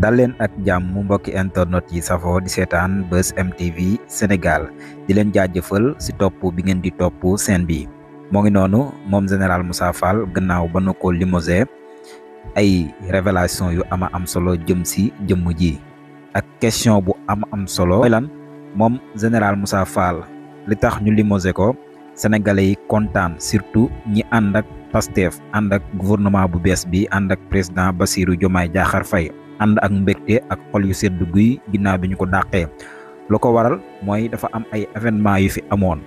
dalen leen ak jàmm mbokki internet yi safo di setan bus MTV Senegal, di len jaajëfal ci top bi ngeen di top sen bi mo ngi nonu mom general Moussa Fall gannaaw banoko limosé ay révélation yu ama am solo jëm ci jëm ji ak question bu ama am solo lan mom general Moussa Fall li tax ñu limosé ko sénégalais yi contane surtout ñi andak Pastef ànd ak gouvernement bu bees bi ànd ak président Bassirou Diomaye Diakhar Faye ànd ak mbégte ak xol yu sedd guy ginnaaw bi ñu ko dàqee lu ko waral mooy dafa am ay événement yu fi amoon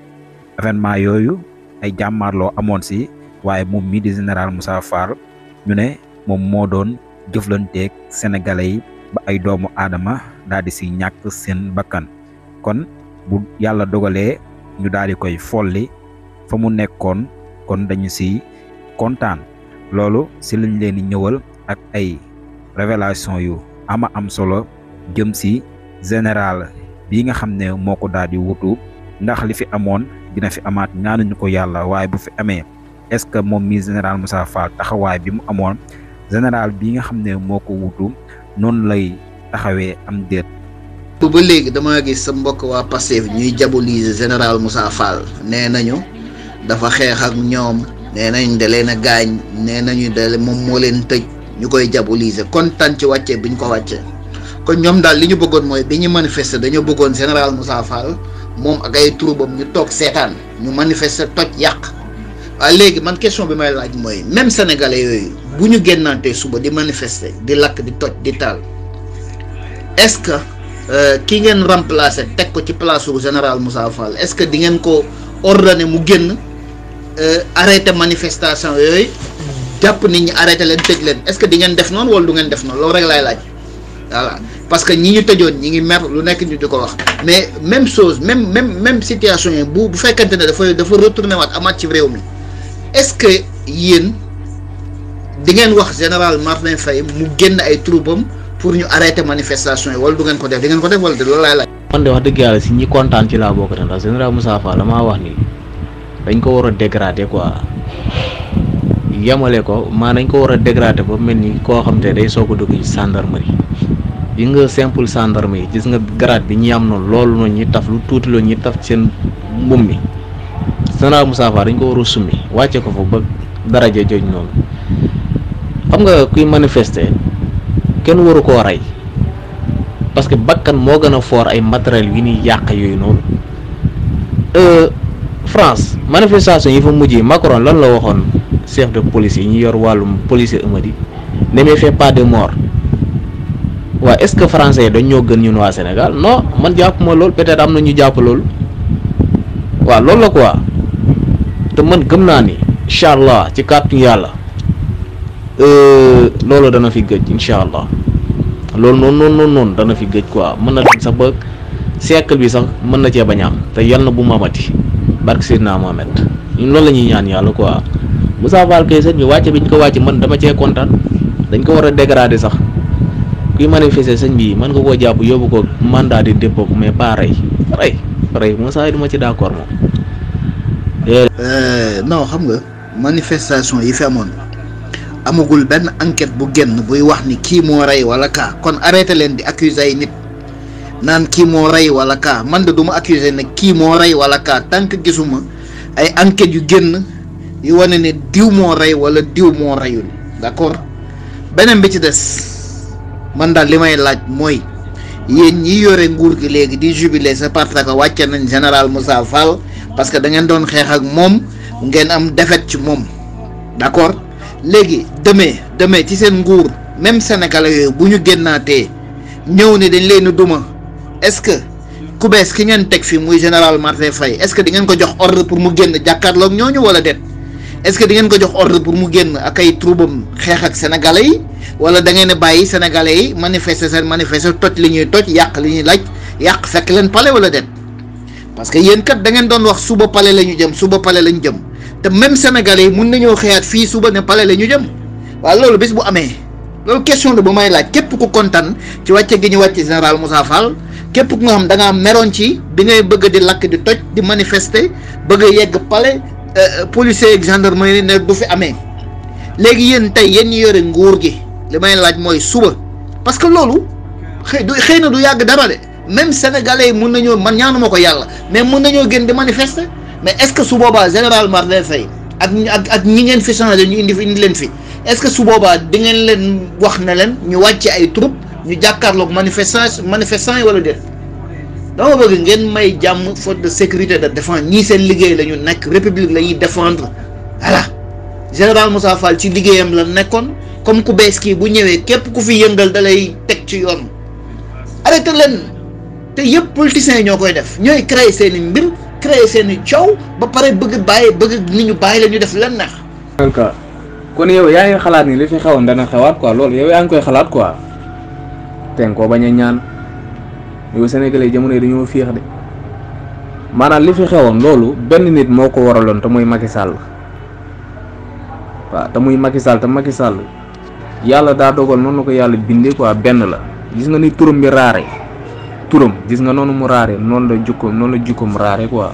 événement yooyu ay jàmmaarloo amoon si waaye moom mii di général Moussa Fall ñu ne moom moo doon jëflanteeg sénégalais yi ba ay doomu aadama daal di si ñàkk seen bakkan kon bu yàlla dogalee ñu daal di koy folli fa mu nekkoon kon dañu si kontaan loolu si lañ leen di ñëwal ak ay révélation yu ama am solo jëm si général bi nga xam ne moo ko daal di wutu ndax li fi amoon dina fi amaat ñaanuñu ko yàlla waaye bu fi amee est-ce que moom mi général Moussa Fall taxawaay bi mu amoon général bi nga xam ne moo ko wutu noonu lay taxawee am déet. ba léegi dama gis sa mbokk waa Pastef ñuy diaboliser général Moussa Fall nee nañu dafa xeex ak ñoom. nee nañ da leen a gaañ nee nañu de moom moo leen tëj ñu koy diaboliser kontaan ci wàcce bi ñu ko wàccee kon ñoom daal li ñu bëggoon mooy bi ñu manifester dañoo bëggoon général Moussa Fall moom ak ay troubam ñu toog seetaan ñu manifester toj yàq waaye léegi man question bi may laaj mooy même sénégalais yooyu bu ñu génnaantee suba di manifester di lakk di toj di taal est-ce que euh, ki ngeen remplacer teg ko ci place su général Moussa Fall est-ce que di ngeen ko ordonner mu génn. Euh, arrêté manifestation yooyu jàpp nit ñi arrêté leen tëj leen est-ce que di ngeen def noonu wala du ngeen def noonu loolu rek laay laaj voilà parce que ñi ñu tëjoon ñi ngi mer lu nekk ñu di ko wax mais même sos même même même situation yi bu bu fekkente ne dafa dafa retourné waat amaat ci réew mi est-ce que yéen di ngeen wax général Martin Faye mu génn ay troupam pour ñu arrêter manifestation yi wala du ngeen ko def di ko def wala de loolu laay laaj. man de wax kontaan ci laa bokk ndax général Moussa Fall la maa dañ ko war a dégrader quoi yemale ko maa nañ ko war a dégrader ba mel ni koo xam te day soog a dugg ci gendarmerie yi nga simple gendarme yi gis nga grade bi ñi am noonu loolu noonu ñi taf lu tuuti loolu ñi taf seen mbum mi général Moussa Fall dañ ko war summi wàcce ko fa ba daraja jooju noonu xam nga kuy manifester kenn waru koo rey parce que bakkan moo gën a foor ay matériel yu ñuy yàq yooyu noonu euh, France manifestation yi fa mujjee Macron lan la waxoon chef de police yi ñu yor walum police amadi ne me fait pas de mort wa est-ce que français dañ ñoo gën ñun wa Sénégal non man jàpp ma peut-être amna ñu japp lool wa lool la quoi te man gëm na ni inshallah allah carte yalla euh loolu dana fi gëj inshallah allah non non non non dana fi gëj quoi mëna dem sax ba siècle bi sax mëna ci bañam te yalla bu mamati barke Seydina Mohamed ñun loolu la ñuy ñaan yàlla quoi Moussa Fall kay sëñ bi wàcce bi ñu ko wàcce man dama cee kontaan dañ ko war a dégrader sax kuy manifester sëñ bi mën nga koo jàpp yóbbu ko mandat de dépôt mais pas rey rey rey Moussa duma ci d'accord moom. Eh. Eh, non xam nga manifestation yi fi amoon amagul benn enquête bu génn buy wax ni kii moo rey wala kaa kon arrêté leen di accuser ay nit. naan kii moo rey wala kaa man de duma ma accuser ne kii moo rey wala kaa tant que gisuma ay enquêtes yu génn yu wane ne diw moo rey wala diw moo reyul d'accord beneen bi ci des man daal li may laaj mooy yéen ñi yore nguur gi léegi di jubilé c'est parce que wàcce nañ général Moussa Fall parce que da ngeen doon xeex ak moom ngeen am défaite ci moom d'accord léegi demee demee ci seen nguur même sénégalais bu ñu génnaatee ñëw ne dañ leen duma. est-ce que ku bes ki ngeen tek fi muy général Martin Faye est-ce que di ngeen ko jox ordre pour mu génn jàkkaarloog ñooñu wala det est-ce que di ngeen ko jox ordre pour mu génn ak ay troubam xex ak sénégalais yi wala da ngeen bàyyi sénégalais yi manifester sen manifester toj li ñuy toj yaq li ñuy laaj yaq fekk leen palé wala det parce que yeen kat da ngeen doon wax suba palé lañu jëm suba palé lañu jëm te même sénégalais suba ne palé lañu jëm wa lolu bis bu amé lolu question de bu may laaj képp ku contane ci wacce gi ñu wacce général Moussa Fall képp ku nga xam danga ngaa meroon ci bi ngay bëgg di lakk di toj di manifester bëgg a yegg palais euh, euh, policier ak gendarmerie ne du fi amee léegi yéen tey yéen ñi yore nguur gi li may laaj mooy suba parce que loolu xëy du xëy na du yàgg dara de même sénégalais yi mun nañoo man ñaanuma ko yàlla mais mun nañoo gën di manifester mais est-ce que su boobaa général Martin Faye ak ak ak ñi ngeen fi changé ñu indi fi indi leen fi est-ce que su boobaa di ngeen leen wax ne leen ñu wàcce ay troupes. ñu jàkkaarloog manifestance manifestant yi wala déet dama bëgg ngeen may jàmm faute de sécurité de défense ñii seen liggéey la nekk république la ñuy défendre voilà général Moussa Fall ci liggéeyam la nekkoon comme ku bees kii bu ñëwee képp ku fi yëngal da teg ci yoon arrêté leen te yëpp politiciens yi ñoo koy def ñooy créer seen i mbir créer seen i coow ba pare bëgg bàyyi bëgg ni ñu bàyyi la ñu def leen neex. kon yow yaa ngi xalaat ni li fi xewoon dana xewaat quoi loolu yow ngi koy xalaat quoi. te nga koo bañ a ñaan yow sénégalais jamono yi dañoo féex de maanaam li fi xewoon loolu benn nit moo ko waraloon te muy Macky Sall waaw te muy Macky Sall te Macky yàlla daa dogal noonu ko yàlla bindee quoi benn la gis nga ni turam bi raare turam gis nga noonu mu raare noonu la jukkoom noonu la jukkoom raare quoi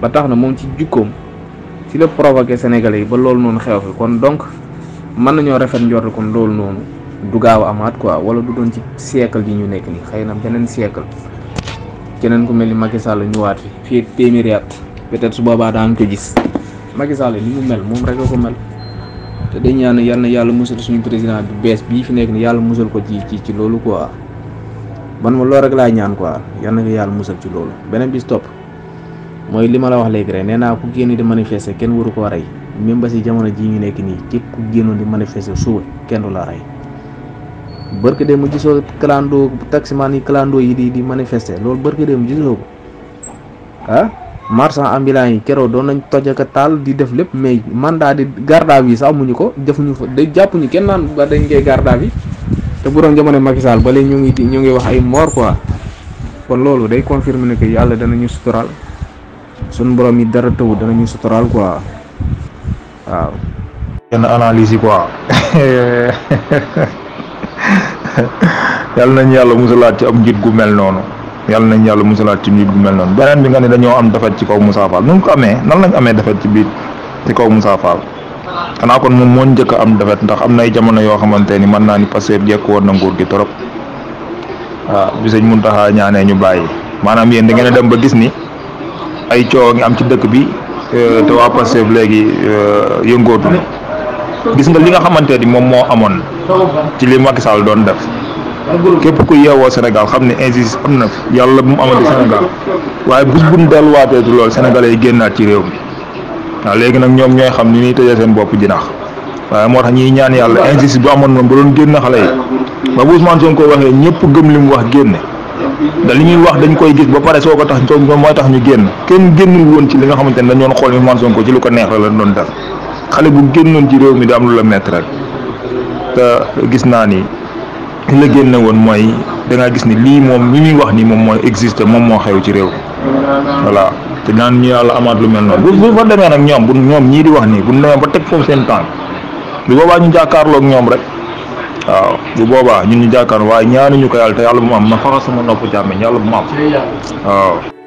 ba tax na moom ci jukkoom ci la provoqué sénégalais yi ba loolu noonu xew fi kon donc mën nañoo rafet njort kon loolu noonu. du gaaw a amaat quoi wala du doon ci siècle yi ñu nekk nii xëy na beneen siècle keneen ku mel ni Macky Sall ñu waat fi fii ak téeméeri at peut-être su boobaa daan ko gis Macky Sall ni mu mel moom rek a ko mel te day ñaan yàlla yàlla musal suñu président bi bees bii fi nekk ni yàlla musal ko ci ci ci loolu quoi man ma loolu rek laa ñaan quoi yàlla na yàlla musal ci loolu beneen bistop mooy li ma la wax léegi rek nee naa ku génn di manifester kenn waru koo rey même ba si jamono jii ñu nekk nii képp ku génnoon di manifester suba kenn du la rey. bërki dee mu gisoo clando taximan yi clando yi di di manifester loolu bërki dee mu gisoo ko ah marchand ambulant yi keroog doon nañ toj ak taal di def lépp mais mandat di garde à vue sax amuñu ko defuñu fa day jàppuñu kenn naan ba dañ koy garde à vue te bu doon jamono Macky ba léegi ñu ngi ñu ngi wax ay moor quoi kon loolu day confirmer ne que yàlla danañu sutural suñ borom yi dara tëw danañu sutural quoi waaw. yenn analyse yi yàlla nañ yàlla musalaat ci am njiit gu mel noonu yàlla nañ yàlla musalaat ci njiit gu mel noonu beneen bi nga ne dañoo am defet ci kaw Moussa Fall nun ko amee na lañ amee defet ci biir ci kaw Moussa Fall xanaa kon moom moo njëkk am defet ndax am nay jamono yoo xamante ni mën naa ni Pastef jekk woon na nguur gi torop waaw ah, bi mun Muntaxa ñaanee ñu bàyyi maanaam yéen da ngeen a dem ba gis ni ay coow ngi am ci dëkk bi eh, te waa Pastef léegi eh, yëngootu gis nga li nga xamante ni moom moo amoon ci li Macky Sall doon def képp ku yeewoo senegal xam ne injustice am na yàlla bu mu amati Sénégal waaye bés bu ñu delluwaatee ci loolu sénégalais génnaat ci réew mi waaw léegi nag ñoom ñooy xam ni ñuy tëjee seen bopp jinax waaye moo tax ñuy ñaan yàlla injustice bu amoon moom ba doon génn xale yi ba bu Ousmane Sonko koy waxee ñëpp gëm li mu wax génne da li ñuy wax dañ koy gis ba pare soo ko tax soo mooy tax ñu génn kenn génnul woon ci li nga xamante ne dañu doon xool Ousmane Sonko ci lu ko neex la la doon xale bu génnoon ci réew mi di am lu la métti rek gis naa ni li la génne woon mooy da gis ni lii moom li muy wax ni moom mooy exister moom moo xew ci réew voilà te naan ñu yàlla amaat lu mel noonu bu fa demee nag ñoom bu ñoom ñii di wax nii bu ñu demee ba teg foofu seen tànk bu boobaa ñu jàkkaarloog ñoom rek waaw bu boobaa ñun ñu jàkkaarloo waaye ñu ko yàlla te yàlla bu mu am ma faxa sama nopp jàmmeñ yàlla bu mu am waaw